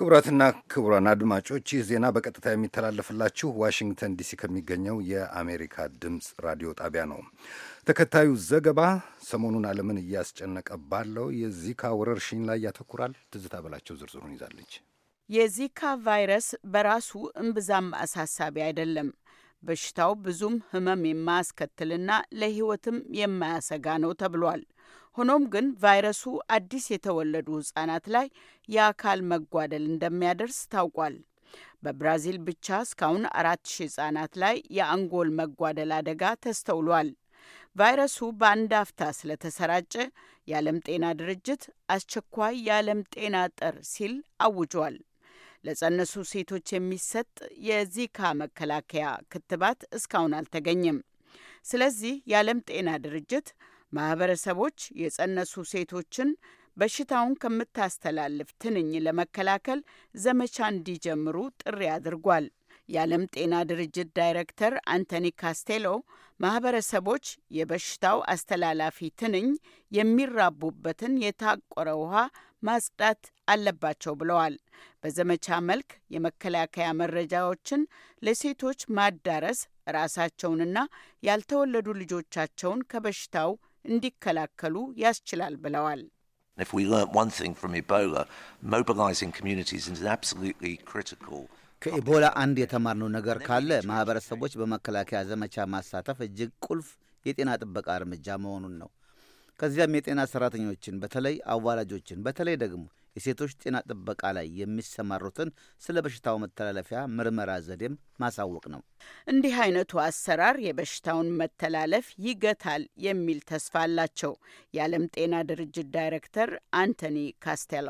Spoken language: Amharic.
ክቡራትና ክቡራን አድማጮች ይህ ዜና በቀጥታ የሚተላለፍላችሁ ዋሽንግተን ዲሲ ከሚገኘው የአሜሪካ ድምፅ ራዲዮ ጣቢያ ነው። ተከታዩ ዘገባ ሰሞኑን ዓለምን እያስጨነቀ ባለው የዚካ ወረርሽኝ ላይ ያተኩራል። ትዝታ በላቸው ዝርዝሩን ይዛለች። የዚካ ቫይረስ በራሱ እምብዛም አሳሳቢ አይደለም። በሽታው ብዙም ህመም የማያስከትልና ለህይወትም የማያሰጋ ነው ተብሏል። ሆኖም ግን ቫይረሱ አዲስ የተወለዱ ህጻናት ላይ የአካል መጓደል እንደሚያደርስ ታውቋል። በብራዚል ብቻ እስካሁን አራት ሺህ ህጻናት ላይ የአንጎል መጓደል አደጋ ተስተውሏል። ቫይረሱ በአንድ አፍታ ስለተሰራጨ የዓለም ጤና ድርጅት አስቸኳይ የዓለም ጤና ጠር ሲል አውጇል። ለጸነሱ ሴቶች የሚሰጥ የዚካ መከላከያ ክትባት እስካሁን አልተገኘም። ስለዚህ የዓለም ጤና ድርጅት ማህበረሰቦች የጸነሱ ሴቶችን በሽታውን ከምታስተላልፍ ትንኝ ለመከላከል ዘመቻ እንዲጀምሩ ጥሪ አድርጓል። የዓለም ጤና ድርጅት ዳይሬክተር አንቶኒ ካስቴሎ ማህበረሰቦች የበሽታው አስተላላፊ ትንኝ የሚራቡበትን የታቆረ ውሃ ማጽዳት አለባቸው ብለዋል። በዘመቻ መልክ የመከላከያ መረጃዎችን ለሴቶች ማዳረስ ራሳቸውንና ያልተወለዱ ልጆቻቸውን ከበሽታው እንዲከላከሉ ያስችላል ብለዋል። ከኢቦላ አንድ የተማርነው ነገር ካለ ማህበረሰቦች በመከላከያ ዘመቻ ማሳተፍ እጅግ ቁልፍ የጤና ጥበቃ እርምጃ መሆኑን ነው። ከዚያም የጤና ሰራተኞችን በተለይ አዋላጆችን፣ በተለይ ደግሞ የሴቶች ጤና ጥበቃ ላይ የሚሰማሩትን ስለ በሽታው መተላለፊያ ምርመራ ዘዴም ማሳወቅ ነው። እንዲህ አይነቱ አሰራር የበሽታውን መተላለፍ ይገታል የሚል ተስፋ አላቸው የዓለም ጤና ድርጅት ዳይሬክተር አንቶኒ ካስቴሎ።